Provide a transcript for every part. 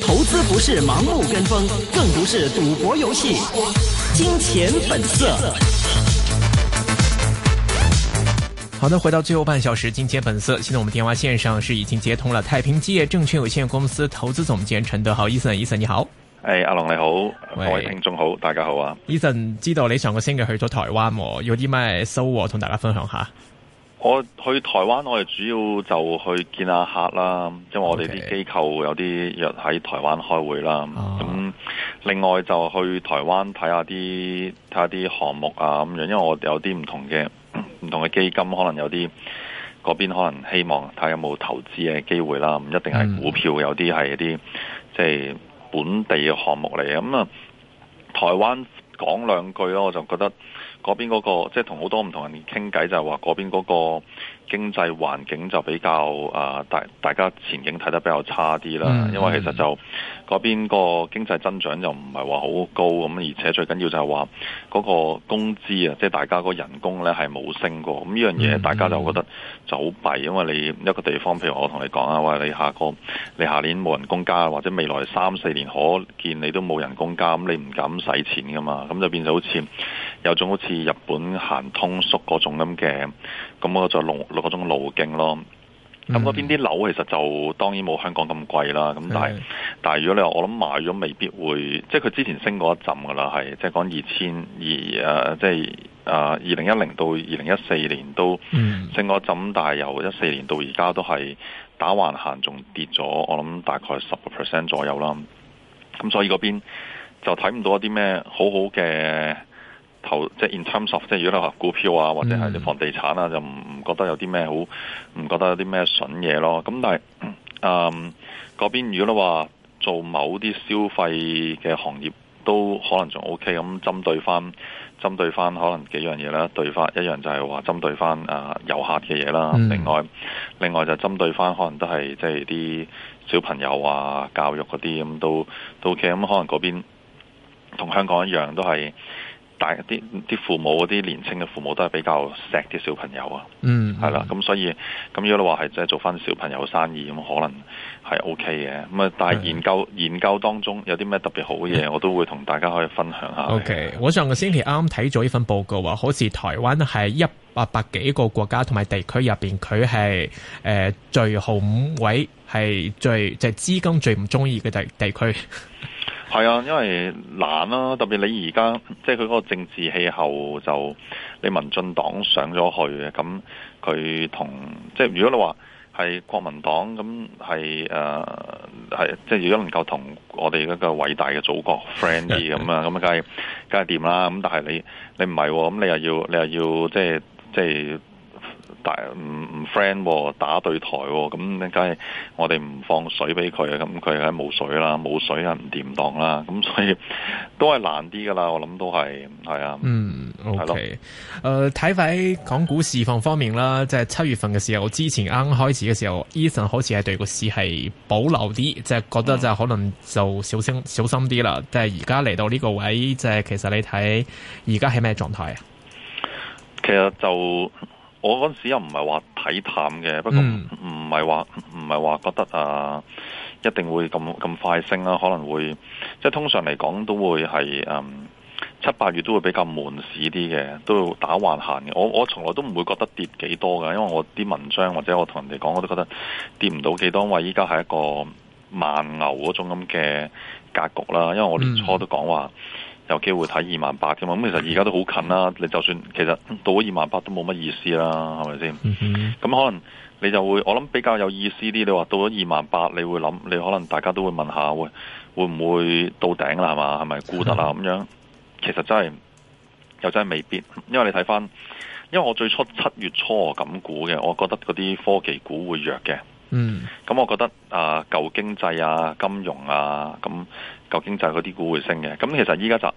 投資不是盲目跟風，更不是賭博遊戲。金錢本色。好的，回到最後半小時，金錢本色。現在我們電話線上是已經接通了太平基業證券有限公司投資總監陳德豪。Eason，Eason 你好。誒，hey, 阿龍你好，各位喂聽眾好，大家好啊。Eason，知道你上個星期去咗台灣，有啲咩收穫同大家分享下？我去台灣，我哋主要就去見下客啦，因為我哋啲機構有啲約喺台灣開會啦。咁 Okay.、嗯、另外就去台灣睇下啲睇下啲項目啊咁樣，因為我有啲唔同嘅唔、嗯、同嘅基金，可能有啲嗰邊可能希望睇下有冇投資嘅機會啦，唔一定係股票有，有啲係一啲即係本地嘅項目嚟。咁、嗯、啊，嗯、台灣講兩句咯，我就覺得。嗰邊嗰個，即係同好多唔同人傾偈，就係話嗰邊嗰個。經濟環境就比較啊，大、呃、大家前景睇得比較差啲啦。Mm hmm. 因為其實就嗰邊個經濟增長又唔係話好高咁，而且最緊要就係話嗰個工資啊，即係大家嗰人工呢係冇升過。咁呢樣嘢大家就覺得就好弊，因為你一個地方，譬如我同你講啊，話你下個你下年冇人工加，或者未來三四年可見你都冇人工加，咁你唔敢使錢噶嘛。咁就變咗好似有種好似日本行通縮嗰種咁嘅。咁我就六六個鐘路徑咯。咁嗰邊啲樓其實就當然冇香港咁貴啦。咁但係的但係如果你話我諗買咗未必會，即係佢之前升過一陣噶啦，係即係講二千二誒，即係誒二零一零到二零一四年都升過一陣，嗯、但係由一四年到而家都係打橫行，仲跌咗。我諗大概十個 percent 左右啦。咁所以嗰邊就睇唔到一啲咩好好嘅。投即係 in terms of，即係如果你話股票啊，或者係你房地產啊，就唔唔覺得有啲咩好，唔覺得有啲咩筍嘢咯。咁但係，嗯，嗰邊如果你話做某啲消費嘅行業，都可能仲 OK。咁針對返，針對返可能幾樣嘢啦。對返一樣就係話針對返啊遊客嘅嘢啦。另外，另外就針對返可能都係即係啲小朋友啊、教育嗰啲咁都都 OK。咁可能嗰邊同香港一樣都係。大啲啲父母嗰啲年青嘅父母都係比較錫啲小朋友啊、嗯，嗯，係啦，咁所以咁如果你話係即係做返小朋友生意咁，可能係 OK 嘅。咁啊，但係研究、嗯、研究當中有啲咩特別好嘅嘢， 我都會同大家可以分享下。OK，的我上個星期啱啱睇咗呢份報告話，好似台灣係一百百幾個國家同埋地區入邊，佢係誒最後五位係最即係資金最唔中意嘅地地區。 係啊，因為難咯，特別你而家即係佢嗰個政治氣候，就你民進黨上咗去嘅，咁佢同即係如果你話係國民黨，咁係誒係即係如果能夠同我哋一個偉大嘅祖國 friend 啲咁啊，咁梗梗係掂啦。咁但係你你唔係，咁你又要你又要，你又要即係即係。大唔唔 friend 喎，打對台喎，哦，咁梗係我哋唔放水俾佢啊，咁佢梗係冇水啦，冇水啊，唔掂當啦，咁所以都係難啲噶啦，我諗都係係啊，嗯，OK，誒，睇翻港股市況方面啦，即係七月份嘅時候，之前啱啱開始嘅時候，Eason 好似係對個市係保留啲，即係覺得就可能就小心、嗯、小心啲啦，即係而家嚟到呢個位，即係其實你睇而家係咩狀態啊？其實就。我嗰陣時又唔係話睇淡嘅，不過唔係話唔係話覺得啊，一定會咁咁快升啦，可能會即係通常嚟講都會係嗯七八月都會比較悶市啲嘅，都要打橫行嘅。我我從來都唔會覺得跌幾多㗎，因為我啲文章或者我同人哋講，我都覺得跌唔到幾多，因為依家係一個慢牛嗰種咁嘅格局啦。因為我年初都講話。有機會睇二萬八嘅嘛？咁其實而家都好近啦。你就算其實到咗二萬八都冇乜意思啦，係咪先？咁 可能你就會我諗比較有意思啲。你話到咗二萬八，你會諗，你可能大家都會問下會會唔會到頂啦？係嘛？係咪沽得啦？咁樣其實真係又真係未必，因為你睇翻，因為我最初七月初咁估嘅，我覺得嗰啲科技股會弱嘅。嗯。咁 我覺得啊，舊經濟啊、金融啊咁。舊經濟嗰啲股會升嘅，咁其實依家就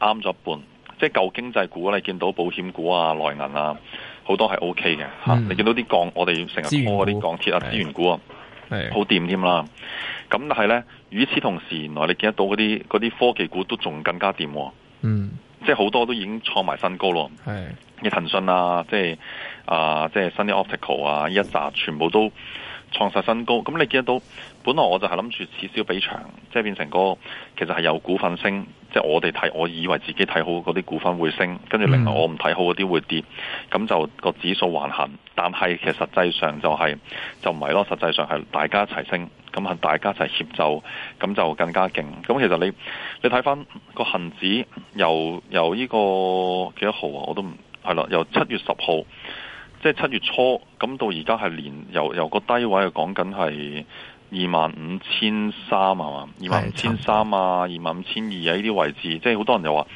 啱咗一半，即係舊經濟股，你見到保險股啊、內銀啊好多係 OK 嘅吓，你見到啲鋼，我哋成日拖嗰啲鋼鐵啊資源股啊，好掂添啦。咁、啊、但係呢，與此同時，原來你見得到嗰啲啲科技股都仲更加掂、啊，嗯，即係好多都已經創埋新高咯。係的，你騰訊啊，即係啊，即係 Sunny Optical 啊，一紮全部都創曬新高。咁你見得到？本來我就係諗住此消彼長，即係變成個其實係有股份升，即係我哋睇，我以為自己睇好嗰啲股份會升，跟住另外我唔睇好嗰啲會跌，咁就個指數橫行。但係其實實際上就係、是、就唔係咯，實際上係大家一齊升，咁係大家一齊協奏，咁就更加勁。咁其實你你睇返個恒指由由呢、這個幾多號啊？我都唔係啦，由七月十號，即係七月初，咁到而家係連由由個低位講緊係。二萬五千三係嘛，二萬五千三啊，二萬五千二啊，呢啲位置，即係好多人又話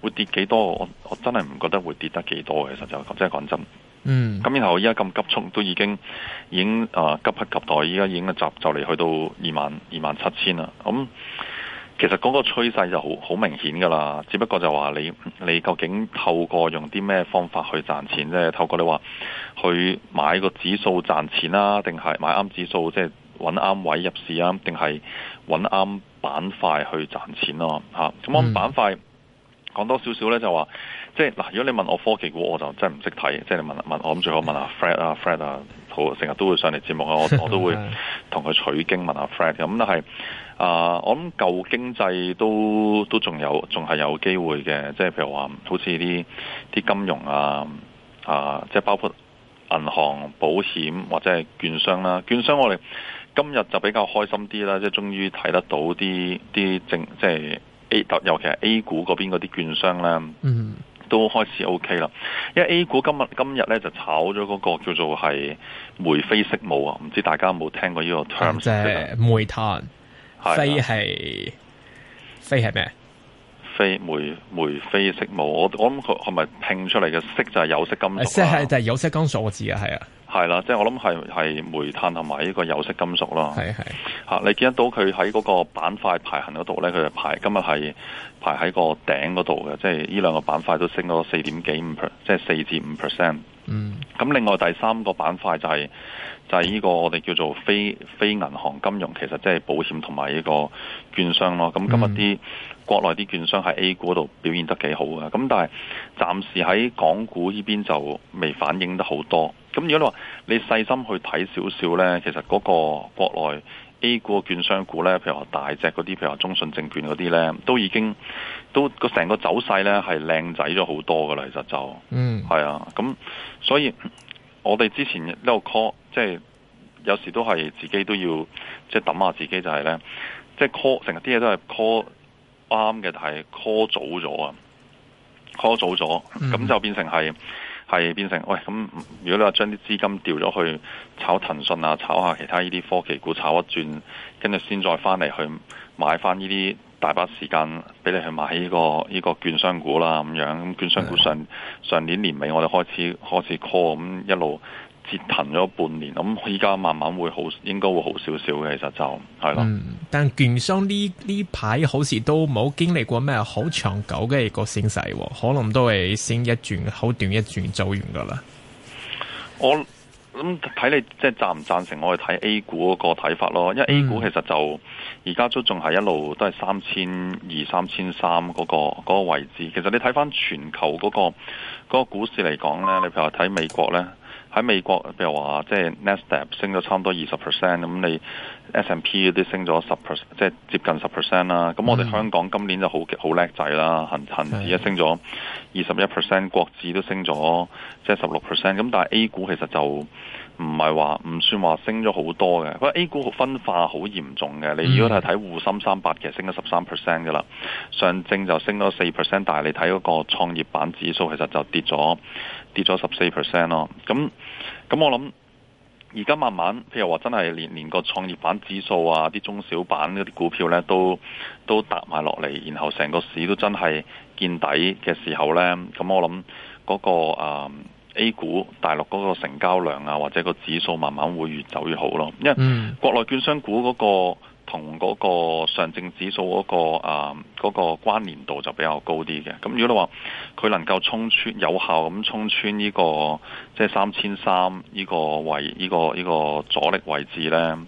會跌幾多，我我真係唔覺得會跌得幾多，其實就即係講真。嗯。咁然後依家咁急促，都已經已經啊、uh, 急不及待，依家已經集就嚟去到二萬二萬七千啦。咁其實嗰個趨勢就好好明顯噶啦，只不過就話你你究竟透過用啲咩方法去賺錢，即係透過你話去買個指數賺錢啦，定係買啱指數即係？即係揾啱位入市啊，定係揾啱板塊去賺錢咯，吓，咁我諗板塊講多少少咧，就話即係嗱，如果你問我科技股，我就真係唔識睇，即係你問問我我諗最好問下 Fred 啊 ，Fred 啊，好成日都會上嚟節目 啊，我我都會同佢取經，問下 Fred 咁，但係啊，我諗舊經濟都都仲有，仲係有機會嘅，即係譬如話好似啲啲金融啊啊，即係包括銀行、保險或者係券商啦、啊，券商我哋。今日就比較開心啲啦，即係終於睇得到啲啲正，即係 A 尤其係 A 股嗰邊嗰啲券商咧，嗯、都開始 OK 啦。因為 A 股今日今日咧就炒咗嗰個叫做係煤飛色舞啊，唔知大家有冇聽過呢個 terms？即係煤炭係飛係飛係咩？非煤煤非色母，我我諗佢係咪拼出嚟嘅色就係有色金屬？色係就係、是、有色金屬，我知啊，係啊，係啦，即、就、係、是、我諗係係煤炭同埋呢個有色金屬咯。係係吓，你見得到佢喺嗰個板塊排行嗰度咧，佢就排今日係排喺個頂嗰度嘅，即係呢兩個板塊都升咗四點幾五 percent，即係四至五 percent。就是、嗯，咁另外第三個板塊就係、是、就係、是、呢個我哋叫做非非銀行金融，其實即係保險同埋呢個券商咯。咁今日啲國內啲券商喺 A 股度表現得幾好啊！咁但係暫時喺港股呢邊就未反映得好多。咁如果你話你細心去睇少少咧，其實嗰個國內 A 股嘅券商股咧，譬如話大隻嗰啲，譬如話中信證券嗰啲咧，都已經都個成個走勢咧係靚仔咗好多噶啦，其實就嗯係啊。咁、mm. 所以我哋之前呢個 call 即係有時都係自己都要即係揼下自己就係咧，即係 call 成日啲嘢都係 call。啱嘅，但係 call 早咗啊，call 早咗，咁就、mm hmm. 變成係係變成喂，咁如果你話將啲資金調咗去炒騰訊啊，炒下其他呢啲科技股炒一轉，跟住先再翻嚟去買翻呢啲大把時間俾你去買呢、呢個依、呢個券商股啦，咁樣券商股上、mm hmm. 上，上年年尾我就開始開始 call 咁一路。折騰咗半年，咁依家慢慢會好，應該會好少少嘅。其實就係咯、嗯。但券商呢呢排好似都冇經歷過咩好長久嘅一個升勢，可能都係升一轉，好短一轉走完噶啦。我咁睇你，即係贊唔贊成我嘅睇 A 股嗰個睇法咯？因為 A 股其實就而家、嗯、都仲係一路都係三千二、三千三嗰個個位置。其實你睇翻全球嗰、嗰個、嗰個股市嚟講呢，你譬如話睇美國呢。喺美國，譬如話即係 Nasdaq 升咗差唔多二十 percent，咁你 S and P 嗰啲升咗十即係接近十 percent 啦。咁我哋香港今年就好好叻仔啦，恒恒而家升咗。二十一 percent 國指都升咗，即係十六 percent。咁但係 A 股其實就唔係話，唔算話升咗好多嘅。不過 A 股分化好嚴重嘅。嗯、你看如果係睇滬深三百，其實升咗十三 percent 㗎啦。上證就升咗四 percent，但係你睇嗰個創業板指數其實就跌咗，跌咗十四 percent 咯。咁咁我諗而家慢慢，譬如話真係連連個創業板指數啊，啲中小板嗰啲股票呢，都都搭埋落嚟，然後成個市都真係。見底嘅時候呢，咁我諗嗰個誒、uh, A 股大陸嗰個成交量啊，或者個指數慢慢會越走越好咯。因為國內券商股嗰個同嗰個上證指數嗰個誒嗰個、uh, 個關聯度就比較高啲嘅。咁如果你話佢能夠衝穿有效咁衝穿呢個即係三千三呢個位呢個呢個阻力位置呢。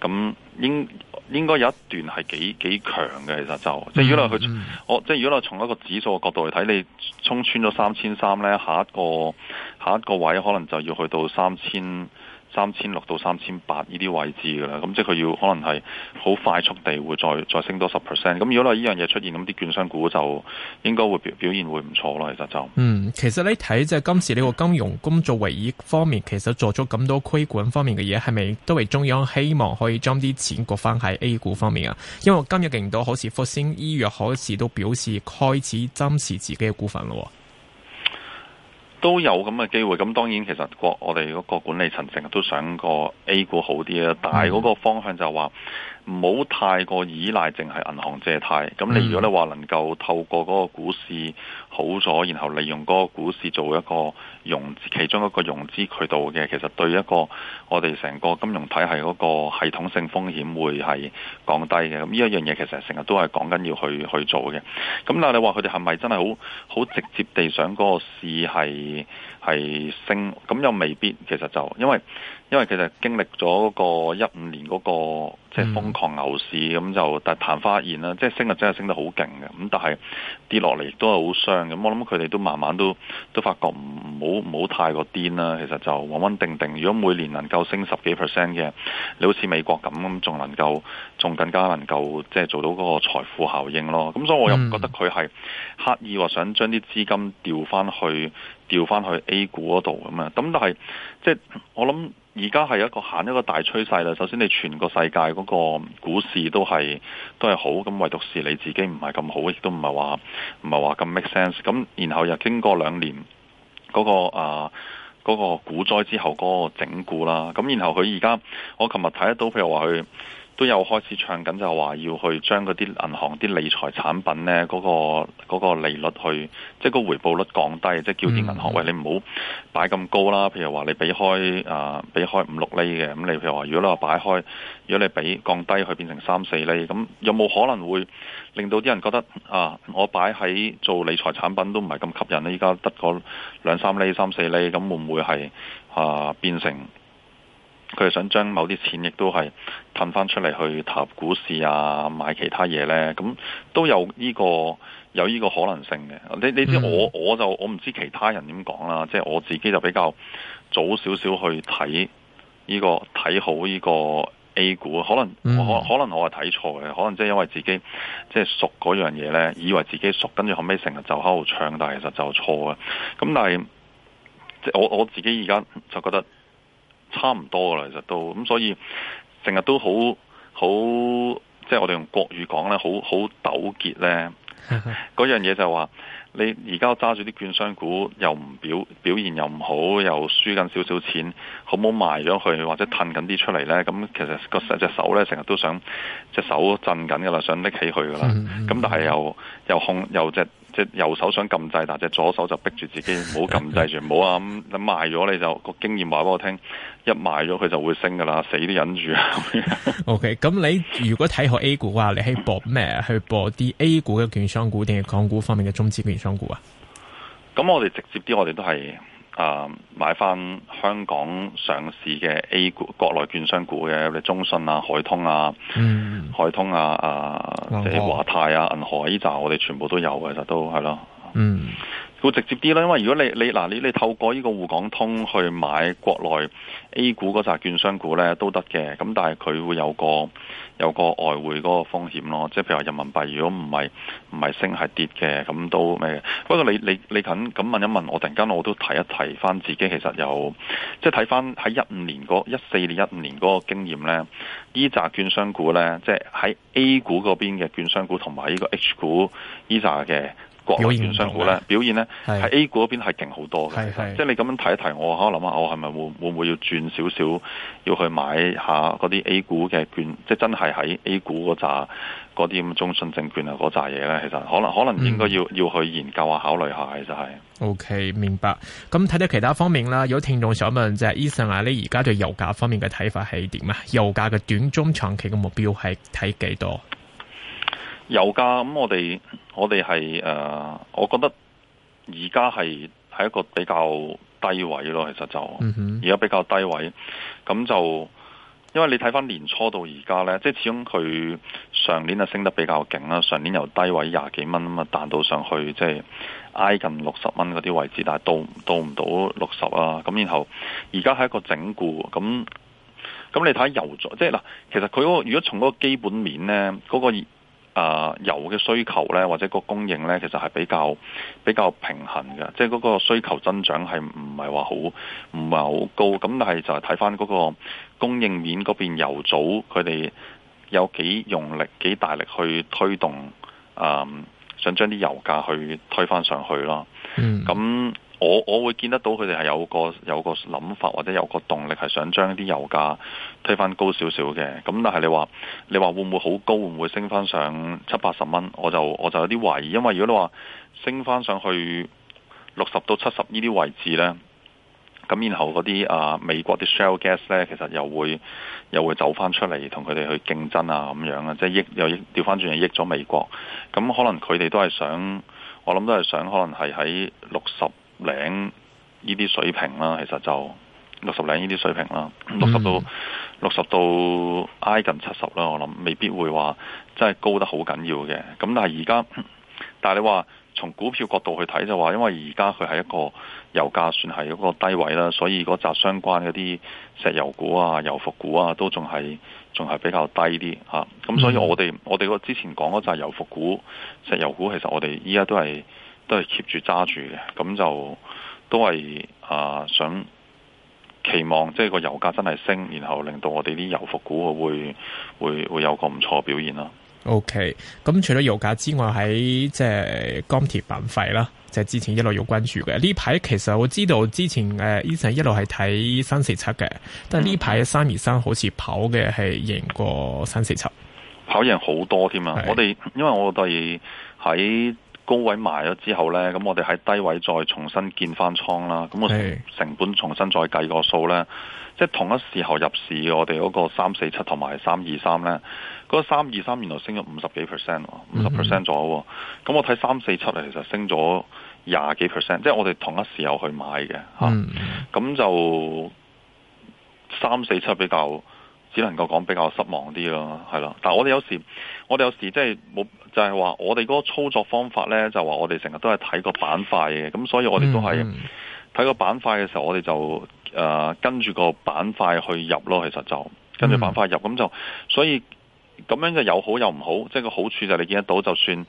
咁。應應該有一段係幾幾強嘅，其實就即係如果你去，我、 哦、即係如果你從一個指數嘅角度嚟睇，你衝穿咗三千三咧，下一個下一個位可能就要去到三千。三千六到三千八呢啲位置噶啦，咁即係佢要可能係好快速地會再再升多十 percent。咁如果呢樣嘢出現，咁啲券商股就應該會表現會唔錯咯。其實就嗯，其實你睇即係今次呢個金融工作會議方面，其實做咗咁多規管方面嘅嘢，係咪都係中央希望可以將啲錢割翻喺 A 股方面啊？因為今日勁到，好似復星醫藥開始都表示開始增持自己嘅股份咯。都有咁嘅機會，咁當然其實國我哋嗰個管理層成日都想個 A 股好啲啦，但係嗰個方向就話。唔好太過依賴，淨係銀行借貸。咁你如果你話能夠透過嗰個股市好咗，然後利用嗰個股市做一個融其中一個融資渠道嘅，其實對一個我哋成個金融體系嗰個系統性風險會係降低嘅。咁呢一樣嘢其實成日都係講緊要去去做嘅。咁但係你話佢哋係咪真係好好直接地想嗰個市係？係升咁又未必，其實就因為因為其實經歷咗嗰個一五年嗰、那個即係、就是、瘋狂牛市，咁、嗯、就但係曇花現啦，即係升啊，真係升得好勁嘅，咁但係跌落嚟亦都係好傷咁。我諗佢哋都慢慢都都發覺唔好唔好太過癲啦、啊。其實就穩穩定定，如果每年能夠升十幾 percent 嘅，你好似美國咁，咁仲能夠仲更加能夠即係做到嗰個財富效應咯。咁所以我又唔覺得佢係刻意話想將啲資金調翻去。調翻去 A 股嗰度咁啊，咁但係即係我諗，而家係一個行一個大趨勢啦。首先，你全個世界嗰個股市都係都係好，咁唯獨是你自己唔係咁好，亦都唔係話唔係話咁 make sense。咁然後又經過兩年嗰個啊嗰個股災之後嗰個整固啦，咁然後佢而家我琴日睇得到譬如話佢。都有開始唱緊，就話要去將嗰啲銀行啲理財產品呢，嗰個嗰個利率去，即係個回報率降低，即係叫啲銀行，喂，你唔好擺咁高啦。譬如話你畀開啊，畀開五六厘嘅，咁你譬如話如果你話擺開，如果你畀降低去變成三四厘，咁有冇可能會令到啲人覺得啊，我擺喺做理財產品都唔係咁吸引呢？依家得個兩三厘、三四厘，咁會唔會係啊變成？佢哋想將某啲錢亦都係褪翻出嚟去投股市啊，買其他嘢咧，咁都有呢、這個有呢個可能性嘅。你你知我我就我唔知其他人點講啦，即係我自己就比較早少少去睇呢、這個睇好呢個 A 股，可能可、嗯、可能我係睇錯嘅，可能即係因為自己即係，就是、熟嗰樣嘢咧，以為自己熟，跟住後尾成日就喺度唱，但係其實就錯嘅。咁但係即係我我自己而家就覺得。差唔多噶啦，其實都咁、嗯，所以成日都好好，即係我哋用國語講咧，好好糾結咧。嗰樣嘢就係話，你而家揸住啲券商股，又唔表表現又唔好，又輸緊少少錢，好唔好賣咗佢，或者褪緊啲出嚟咧？咁、嗯嗯、其實個隻手咧，成日都想隻手震緊噶啦，想拎起佢噶啦，咁、嗯嗯、但係又又控又只。即右手想撳掣，但係隻左手就逼住自己唔好撳掣住，唔好啊咁咁賣咗你就個經驗話俾我聽，一賣咗佢就會升噶啦，死都忍住啊。OK，咁你如果睇好 A 股啊，你你係搏咩？ 去搏啲 A 股嘅券商股，定係港股方面嘅中資券商股啊？咁我哋直接啲，我哋都係。啊！買翻香港上市嘅 A 股、國內券商股嘅，我哋中信啊、海通啊、海通、嗯、啊、啊即係華泰啊、銀河呢、啊、啲，我哋全部都有，嘅。其實都係咯。嗯，會直接啲啦，因為如果你你嗱你你，你透過呢個滬港通去買國內 A 股嗰扎券商股咧，都得嘅。咁但係佢會有個有個外匯嗰個風險咯，即係譬如話人民幣如果唔係唔係升係跌嘅，咁都咩？不過你你你肯咁問一問，我突然間我都提一提翻自己，其實有即係睇翻喺一五年嗰一四年一五年嗰個經驗咧，呢扎券商股咧，即係喺 A 股嗰邊嘅券商股同埋呢個 H 股呢扎嘅。呢表現券商股咧，表現咧喺 A 股嗰邊係勁好多嘅，即係你咁樣睇一睇，我可能下，我係咪會會唔會要轉少少，要去買下嗰啲 A 股嘅券，即係真係喺 A 股嗰扎嗰啲咁中信證券啊嗰扎嘢咧，其實可能可能應該要、嗯、要去研究下考慮下，其實係。O、okay, K，明白。咁睇睇其他方面啦，有聽眾想問，就係、是、Eason 啊，你而家對油價方面嘅睇法係點啊？油價嘅短中長期嘅目標係睇幾多？油價咁，我哋我哋係誒，我覺得而家係係一個比較低位咯。其實就而家比較低位，咁就因為你睇翻年初到而家咧，即係始終佢上年啊升得比較勁啦。上年由低位廿幾蚊啊嘛彈到上去，即係挨近六十蚊嗰啲位置，但係到到唔到六十啊。咁然後而家係一個整固，咁咁你睇下油咗，即係嗱，其實佢嗰個如果從嗰個基本面咧嗰個。啊、呃，油嘅需求咧，或者個供應咧，其實係比較比較平衡嘅，即係嗰個需求增長係唔係話好唔係好高，咁但係就係睇翻嗰個供應鏈嗰邊，油組佢哋有幾用力幾大力去推動，嗯、呃，想將啲油價去推翻上去咯，嗯，咁。我我會見得到佢哋係有個有個諗法或者有個動力係想將啲油價推翻高少少嘅，咁但係你話你話會唔會好高？會唔會升翻上七八十蚊？我就我就有啲懷疑，因為如果你話升翻上去六十到七十呢啲位置咧，咁然後嗰啲啊，美國啲 Shale Gas 咧，其實又會又會走翻出嚟同佢哋去競爭啊咁樣啊，即係益又益調翻轉又益咗美國，咁可能佢哋都係想我諗都係想，想想可能係喺六十。零呢啲水平啦，其實就六十零呢啲水平啦，嗯、六十到六十到挨近七十啦，我諗未必會話真係高得好緊要嘅。咁但係而家，但係你話從股票角度去睇就話，因為而家佢係一個油價算係一個低位啦，所以嗰紮相關嗰啲石油股啊、油服股啊都仲係仲係比較低啲嚇。咁、啊嗯、所以我哋、嗯、我哋個之前講嗰紮油服股、石油股，其實我哋依家都係。都係 keep 住揸住嘅。咁就都係啊、呃、想期望，即係個油價真係升，然後令到我哋啲油服股會會會有個唔錯表現咯。O K，咁除咗油價之外，喺即係鋼鐵板塊啦，即係之前一路要關注嘅。呢排其實我知道之前誒，Eason 一路係睇三四七嘅，但係呢排三二三好似跑嘅係贏過三四七，跑贏好多添啊！是我哋因為我哋喺高位賣咗之後呢，咁我哋喺低位再重新建翻倉啦。咁我成本重新再計個數呢，即係同一時候入市，我哋嗰個三四七同埋三二三呢，嗰三二三原來升咗五十幾 percent，五十 percent 左右。咁、mm hmm. 我睇三四七啊，其實升咗廿幾 percent，即係我哋同一時候去買嘅嚇。咁、mm hmm. 啊、就三四七比較。只能夠講比較失望啲咯，係喇。但係我哋有時，我哋有時即係冇，就係、是、話我哋嗰個操作方法呢，就話我哋成日都係睇個板塊嘅，咁所以我哋都係睇個板塊嘅時候，我哋就誒、呃、跟住個板塊去入咯。其實就跟住板塊入咁、嗯、就，所以咁樣嘅有好有唔好，即、就、係、是、個好處就係你見得到就，就算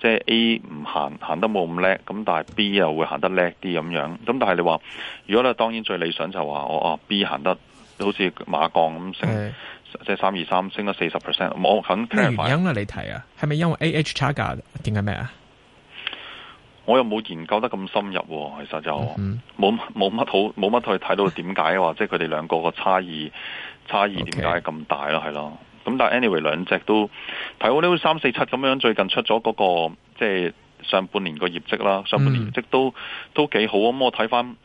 即係 A 唔行行得冇咁叻，咁但係 B 又會行得叻啲咁樣。咁但係你話，如果你當然最理想就話我啊 B 行得。好似馬鋼咁升, 23, 升，即係三二三升咗四十 percent。冇，肯聽反應。咩你睇啊，係咪因為 A H 差價？點解咩啊？我又冇研究得咁深入、啊，其實就冇冇乜好，冇乜、嗯嗯、去睇到點解話，即係佢哋兩個個差異差異點解咁大咯？係咯。咁但係 anyway，兩隻都睇好呢？三四七咁樣最近出咗嗰、那個，即、就、係、是、上半年個業績啦，上半年業績都、嗯、都幾好啊。咁我睇翻。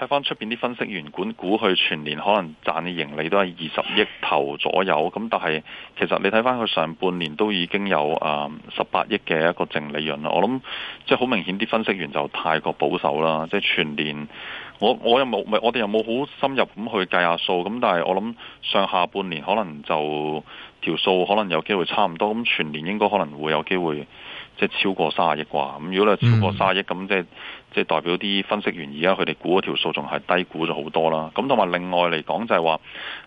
睇翻出邊啲分析員管估，佢全年可能賺嘅盈利都係二十億頭左右。咁但係其實你睇翻佢上半年都已經有誒十八億嘅一個淨利潤啦。我諗即係好明顯，啲分析員就太過保守啦。即係全年。我有有我又冇，唔係我哋又冇好深入咁去計下數，咁但係我諗上下半年可能就條數可能有機會差唔多，咁全年應該可能會有機會即係超過卅億啩。咁如果你超過卅億咁，即係即係代表啲分析員而家佢哋估嗰條數仲係低估咗好多啦。咁同埋另外嚟講就係話，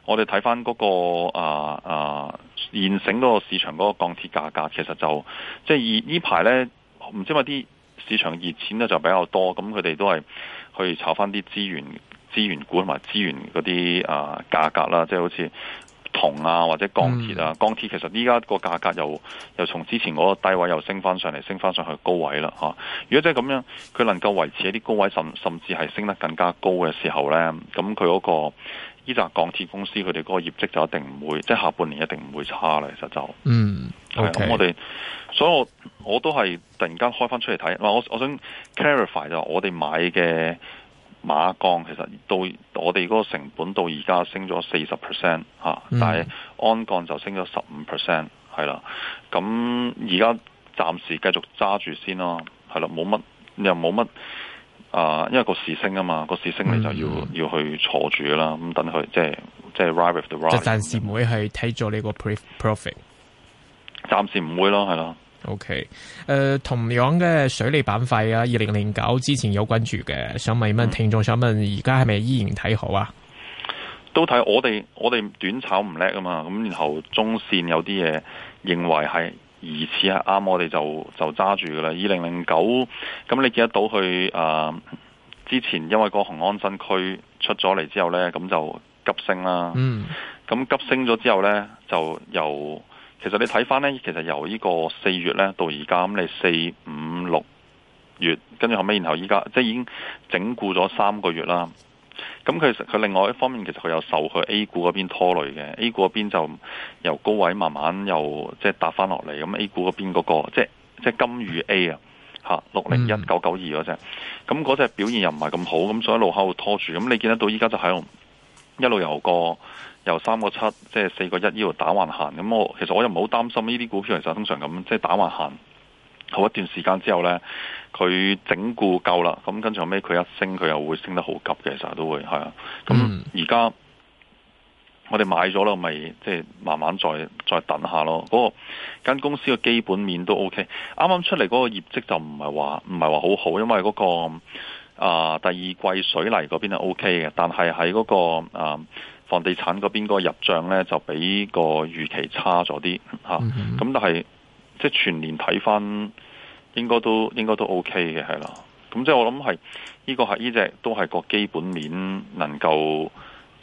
我哋睇翻嗰個啊啊、呃呃、現成嗰個市場嗰個鋼鐵價格，其實就即係呢排呢，唔知咪啲市場熱錢呢就比較多，咁佢哋都係。去炒翻啲資源資源股同埋資源嗰啲啊價格啦，即係好似銅啊或者鋼鐵啊，鋼鐵其實依家個價格又又從之前嗰個低位又升翻上嚟，升翻上去高位啦嚇、啊。如果真係咁樣，佢能夠維持一啲高位，甚甚至係升得更加高嘅時候呢，咁佢嗰個。呢紮鋼鐵公司佢哋嗰個業績就一定唔會，即係下半年一定唔會差啦，其實就就嗯，係、okay. 咁我哋，所以我我都係突然間開翻出嚟睇，嗱我我想 clarify 就我哋買嘅馬鋼其實到我哋嗰個成本到而家升咗四十 percent 嚇，啊嗯、但係鞍鋼就升咗十五 percent 係啦，咁而家暫時繼續揸住先咯，係啦，冇乜又冇乜。啊，因為個市升啊嘛，個市升你就要、嗯、要去坐住啦，咁等佢即係即係 ride with the rise。暫時唔會係睇咗呢個 profit，暫時唔會咯，係咯。OK，誒、呃，同樣嘅水利板塊啊，二零零九之前有關注嘅，想問一問聽眾，想問而家係咪依然睇好啊？都睇，我哋我哋短炒唔叻啊嘛，咁然後中線有啲嘢認為係。疑似係啱，我哋就就揸住㗎啦。二零零九，咁你見得到佢誒、呃、之前，因為個雄安新區出咗嚟之後呢，咁就急升啦。嗯，咁急升咗之後呢，就由其實你睇返呢，其實由呢個四月呢到而家，咁你四五六月，跟住後尾，然後依家即係已經整固咗三個月啦。咁其實佢另外一方面，其實佢有受佢 A 股嗰邊拖累嘅。A 股嗰邊就由高位慢慢又即係打翻落嚟，咁 A 股嗰邊嗰個即係即係金隅 A 啊，吓六零一九九二嗰隻，咁嗰隻表現又唔係咁好，咁所以路口拖住。咁你見得到依家就喺度一路游過由個由三個七即係四個一一路打橫行。咁我其實我又唔好擔心呢啲股票，其實通常咁即係打橫行。好一段時間之後呢，佢整固夠啦，咁跟住後尾，佢一升，佢又會升得好急嘅，成日都會係啊。咁而家我哋買咗啦，咪即係慢慢再再等下咯。嗰、個間公司嘅基本面都 OK，啱啱出嚟嗰個業績就唔係話唔係話好好，因為嗰、個啊第二季水泥嗰邊係 OK 嘅，但係喺嗰個啊房地產嗰邊個入賬呢就比個預期差咗啲吓，咁、嗯嗯、但係。即係全年睇翻，應該都應該都 OK 嘅係啦。咁即係我諗係呢個係呢隻都係個基本面能夠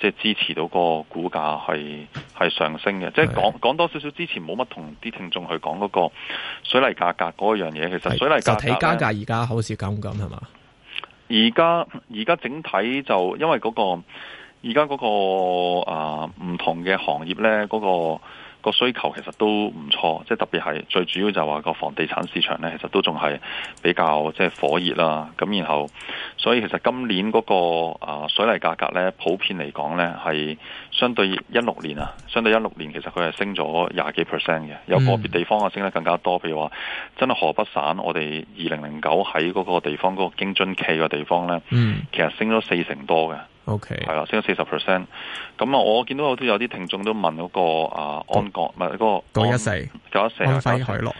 即係支持到個股價係係上升嘅。即係的講講多少少之前冇乜同啲聽眾去講嗰個水泥價格嗰樣嘢，其實水泥價格就睇加價，而家好似減緊係嘛？而家而家整體就因為嗰個而家嗰個啊唔同嘅行業咧嗰個。個需求其實都唔錯，即係特別係最主要就話個房地產市場呢，其實都仲係比較即係火熱啦，啊。咁然後，所以其實今年嗰，那個啊、呃、水泥價格呢，普遍嚟講呢，係相對一六年啊，相對一六年其實佢係升咗廿幾 percent 嘅，有個別地方啊升得更加多，譬如話真係河北省，我哋二零零九喺嗰個地方嗰，那個京津冀嘅地方呢，嗯、其實升咗四成多嘅。O K，係啦，升咗四十 percent。咁啊、嗯，我見到都有啲聽眾都問嗰、那個啊安國，唔係嗰個九一四，九一四啊，安徽海螺，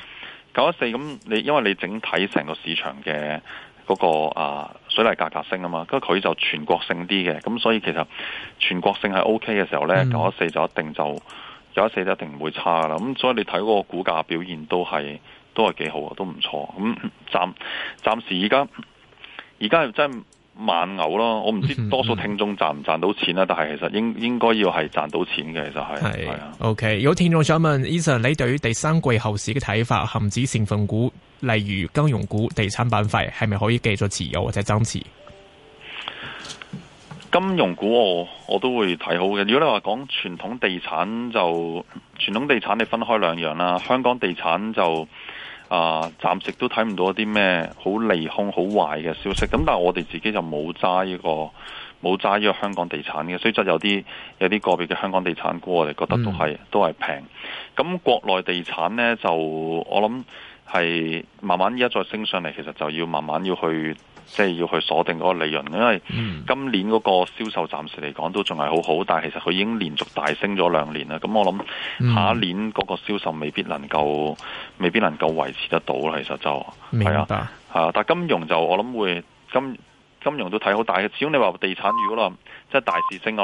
九一四。咁你因為你整體成個市場嘅嗰、那個啊水泥價格，格升啊嘛，咁佢就全國性啲嘅。咁、嗯、所以其實全國性係 O K 嘅時候呢，九一四就一定就九一四就一定唔會差啦。咁、嗯、所以你睇嗰個股價表現都係都係幾好啊，都唔錯。咁暫暫時而家而家又真。慢牛咯，我唔知多數聽眾賺唔賺到錢啦，但係其實應應該要係賺到錢嘅，其實係係是的 OK，有聽眾想問，Eason，你對於第三季後市嘅睇法，恒指成份股，例如金融股、地產板塊，係咪可以繼續持有或者增持？金融股我我都會睇好嘅。如果你話講傳統地產就傳統地產，你分開兩樣啦。香港地產就。啊，uh, 暫時都睇唔到啲咩好利空、好壞嘅消息。咁但係我哋自己就冇揸呢個冇揸呢個香港地產嘅，所以就有啲有啲個別嘅香港地產股我哋覺得都係都係平。咁國內地產呢，就我諗係慢慢一再升上嚟，其實就要慢慢要去。即係要去鎖定個利潤，因為今年個銷售暫時嚟講都仲係好好，但係其實佢已經連續大升咗兩年啦。咁我諗下一年個銷售未必能夠未必能夠維持得到啦。其實就係啊，係啊明白，但係金融就我諗會金金融都睇好大嘅。只要你話地產如果啦，即係大市升啊。